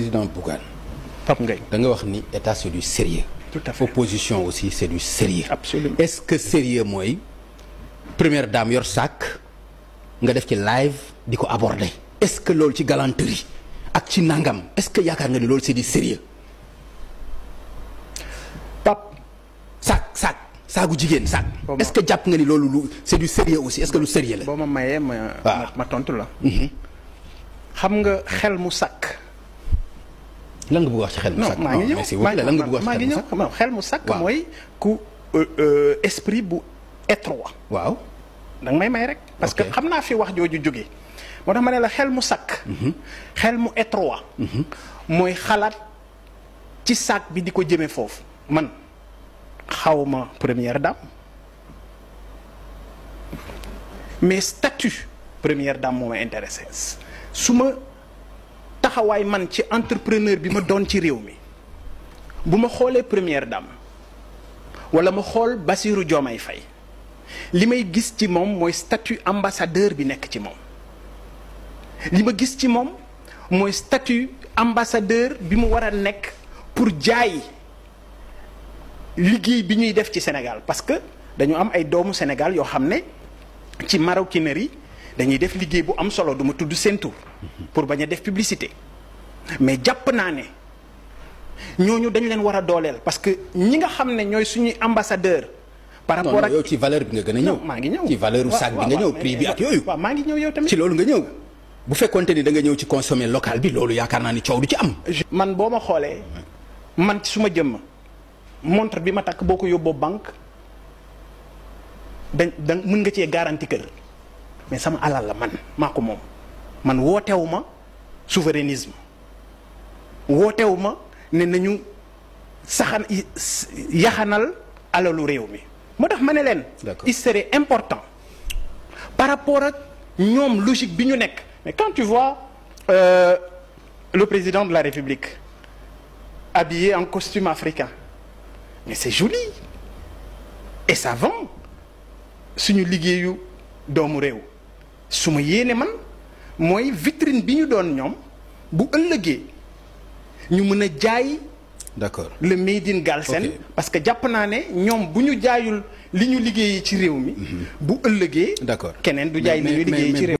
président Bougan, Pape Ngaye da nga wax ni état c'est du sérieux tout à fait opposition aussi c'est du sérieux absolument est-ce que sérieux moi, première dame yor sac nga def ci live di abordé. aborder est-ce que l'autre ci galanterie ak ci nangam est-ce que yaakaar nga ni loolu c'est du sérieux Pap, sac sac saagu jigéen sac est-ce que jàpp nga ni c'est du sérieux aussi est-ce que le sérieux la boo ma mayee ma tante là. la mhm. xam nga xel mu sac lan nga wax ci xel mu sàkk. mais ngi ñëw maa ngi ñëw maa ngi sak xel mu sàkk mooy ku euh, euh, esprit bu étroit. waaw dang may may rek. parce que xamna fi wax joju jógee. motax tax la xel mu sàkk. Mhm. xel mu étroit. moy mhm. xalat ci sàkk bi di ko jëmee foofu. man xawma ma première dame mais statut première dame moo ma intéressé su taxawaay man ci entrepreneur bi ma doon ci réew mi bu première dame wala ma xol basirou Diomaye fay limay gis ci mom moy statut ambassadeur bi nek ci mom lima gis ci mom moy statut ambassadeur bi mu wara nek pour jaay liggéey bi ñuy def ci Sénégal parce que dañu am ay doomu Sénégal yo xamné ci maroquinerie dañuy def liggéey bu am solo du tuddu tudd pour baña def publicité mais jàpp naa ne ñooñu dañ leen war a dooleel parce que ñi nga xam ne ñooy suñuy ambassadeur par rapport ak yow ci valeur bi nga gën a ñëw maa ngi ñëw ci valeur sac bi nga ñëw prix bi ak yooyu waaw maa ngi ñëw yow tamit ci loolu nga ñëw bu fekkonte ni da nga ñëw ci consommer local bi loolu yaakaar naa ni coow du ci am man boo ma xoolee man su ma jëmm montre bi ma takk boo ko yóbboo banque dañ da mën nga cee garantie kër mais sama alal la man maa ko moom man wootewu ma souverainisme wootewu ma ne nañu saxan yahanal alalu réew mi moo tax serait important par rapport à ñoom logique binyonek mais quand tu vois euh, le président de la République habillé en costume africain mais c'est joli et ça vend suñu liggéeyu doomu réew su ma man mooy vitrine bi don nyom bu ëllëgee ñu mën a jaay. d'accord le made in Galsen okay. parce que jàpp naa ne ñoom bu ñu jaayul li ñu liggéeyee ci réew mi. Mhm. bu ëllëgee. d'accord keneen du jaay li ñu liggéeyee ci réew